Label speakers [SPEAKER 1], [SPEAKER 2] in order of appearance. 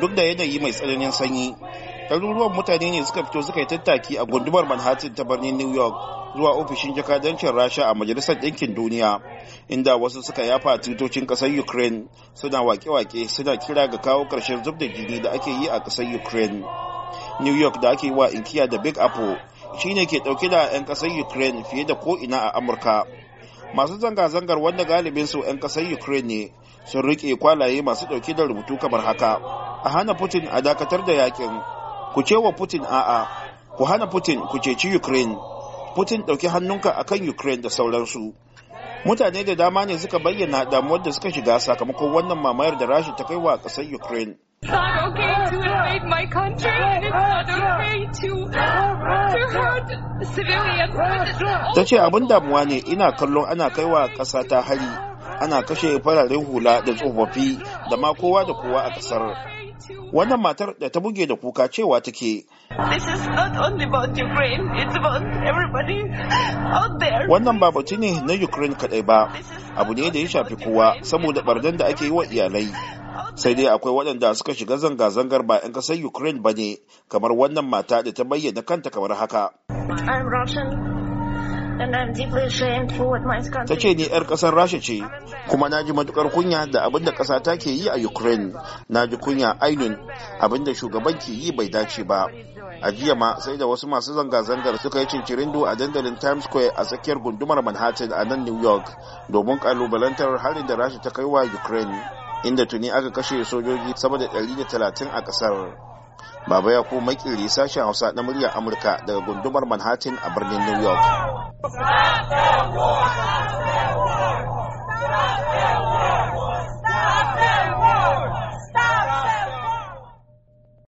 [SPEAKER 1] duk da yanayi mai tsananin sanyi ɗaruruwan mutane ne suka fito suka yi tattaki a gundumar manhattan ta birnin new york zuwa ofishin jakadancin rasha a majalisar ɗinkin duniya inda wasu suka yafa tutocin ƙasar ukraine suna wake-wake suna kira ga kawo ƙarshen zub da jini da ake yi a ƙasar ukraine new york da ake yi wa inkiya da big apple shine ke ɗauke da 'yan ƙasar ukraine fiye da ko ina a amurka masu zanga-zangar wanda galibin su 'yan ƙasar ukraine ne sun riƙe kwalaye masu ɗauke da rubutu kamar haka a hana putin a dakatar da yakin ku cewa putin a'a ku hana putin ku ceci ukraine putin ɗauki hannunka akan ukraine da sauransu mutane da dama ne suka bayyana damuwar da suka shiga sakamakon wannan mamayar da rasha ta kai wa ƙasar ukraine ta ce abin damuwa ne ina kallon ana kai wa ƙasa ta hari ana kashe fararen hula da tsofaffi da ma kowa da kowa a ƙasar Wannan matar da ta buge da kuka cewa take. Wannan ba ne na Ukraine kadai ba, abu ne da ya shafi kowa saboda bardan da ake yi wa iyalai. Sai dai akwai waɗanda suka shiga zanga-zangar ba 'yan ƙasar Ukraine ba ne, kamar wannan mata da ta bayyana kanta kamar haka. ta ce ni 'yar ƙasar rasha ce kuma na ji matukar kunya da abin da ƙasa ta ke yi a ukraine na ji kunya ainun abin da shugaban ke yi bai dace ba a jiya ma sai da wasu masu zanga-zangar suka yi cincirin a dandalin times square a tsakiyar gundumar manhattan a nan new york domin kalubalantar harin da rasha ta kai wa ukraine inda tuni aka kashe sojoji sama da 130 a ƙasar Baba ya kuma makiri sashen Hausa na muryar Amurka daga gundumar Manhattan a birnin New York.